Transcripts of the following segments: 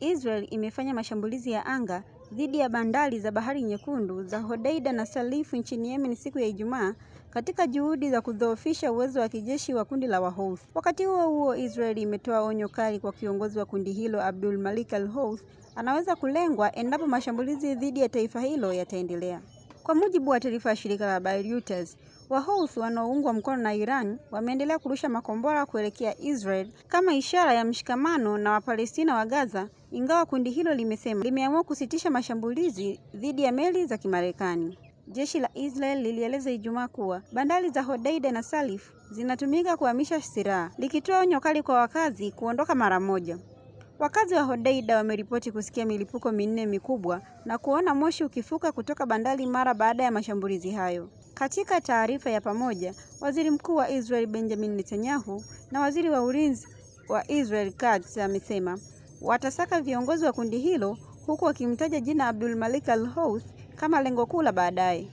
Israel imefanya mashambulizi ya anga dhidi ya bandari za Bahari Nyekundu za Hodeida na Salifu nchini Yemen siku ya Ijumaa katika juhudi za kudhoofisha uwezo wa kijeshi wa kundi la Wahouth. Wakati huo huo, Israel imetoa onyo kali kwa kiongozi wa kundi hilo Abdul Malik al houth anaweza kulengwa endapo mashambulizi dhidi ya taifa hilo yataendelea. Kwa mujibu wa taarifa ya shirika la habari Reuters, Wahuthi wanaoungwa mkono na Iran wameendelea kurusha makombora kuelekea Israel kama ishara ya mshikamano na Wapalestina wa Gaza, ingawa kundi hilo limesema limeamua kusitisha mashambulizi dhidi ya meli za Kimarekani. Jeshi la Israel lilieleza Ijumaa kuwa bandari za Hodeida na Salif zinatumika kuhamisha silaha, likitoa onyo kali kwa wakazi kuondoka mara moja. Wakazi wa Hodeida wameripoti kusikia milipuko minne mikubwa na kuona moshi ukifuka kutoka bandari mara baada ya mashambulizi hayo. Katika taarifa ya pamoja, Waziri Mkuu wa Israel Benjamin Netanyahu na Waziri wa Ulinzi wa Israel Katz amesema watasaka viongozi wa kundi hilo huku wakimtaja jina Abdul Malik al houth kama lengo kuu la baadaye.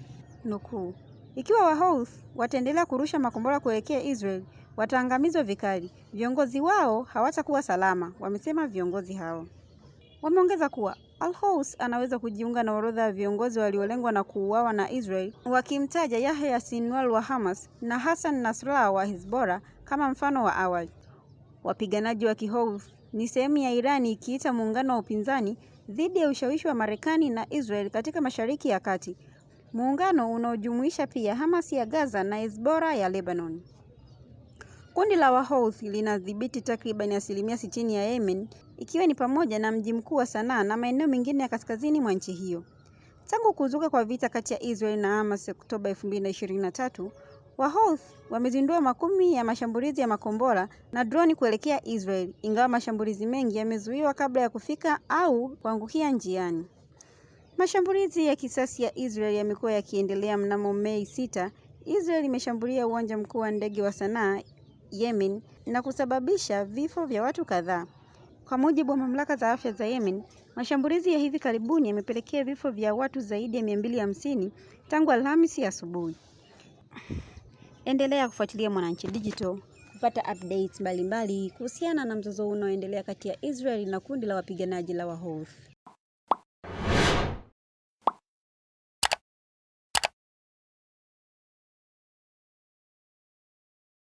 Nukuu, ikiwa wahouth wataendelea kurusha makombora kuelekea Israel, wataangamizwa vikali, viongozi wao hawatakuwa salama, wamesema viongozi hao. Wameongeza kuwa Al-Hous anaweza kujiunga na orodha ya viongozi waliolengwa na kuuawa na Israel, wakimtaja Yahya Sinwar wa Hamas na Hassan Nasrallah wa Hezbollah kama mfano wa awali. Wapiganaji wa Kihouthi ni sehemu ya Iran ikiita muungano wa upinzani dhidi ya ushawishi wa Marekani na Israel katika Mashariki ya Kati, muungano unaojumuisha pia Hamas ya Gaza na Hezbollah ya Lebanon. Kundi la Wahouth linadhibiti takriban asilimia sitini ya Yemen, ikiwa ni pamoja na mji mkuu wa Sanaa na maeneo mengine ya kaskazini mwa nchi hiyo. Tangu kuzuka kwa vita kati ya Israel na Hamas Oktoba 2023, Wahouth wamezindua makumi ya mashambulizi ya makombora na droni kuelekea Israel, ingawa mashambulizi mengi yamezuiwa kabla ya kufika au kuangukia njiani. Mashambulizi ya kisasi ya Israel yamekuwa yakiendelea. Mnamo Mei 6, Israel imeshambulia uwanja mkuu wa ndege wa Sanaa Yemen na kusababisha vifo vya watu kadhaa. Kwa mujibu wa mamlaka za afya za Yemen, mashambulizi ya hivi karibuni yamepelekea vifo vya watu zaidi ya 250 tangu Alhamisi asubuhi. Endelea kufuatilia Mwananchi Digital kupata updates mbalimbali kuhusiana na mzozo unaoendelea kati ya Israel na kundi la wapiganaji la Wahouthi.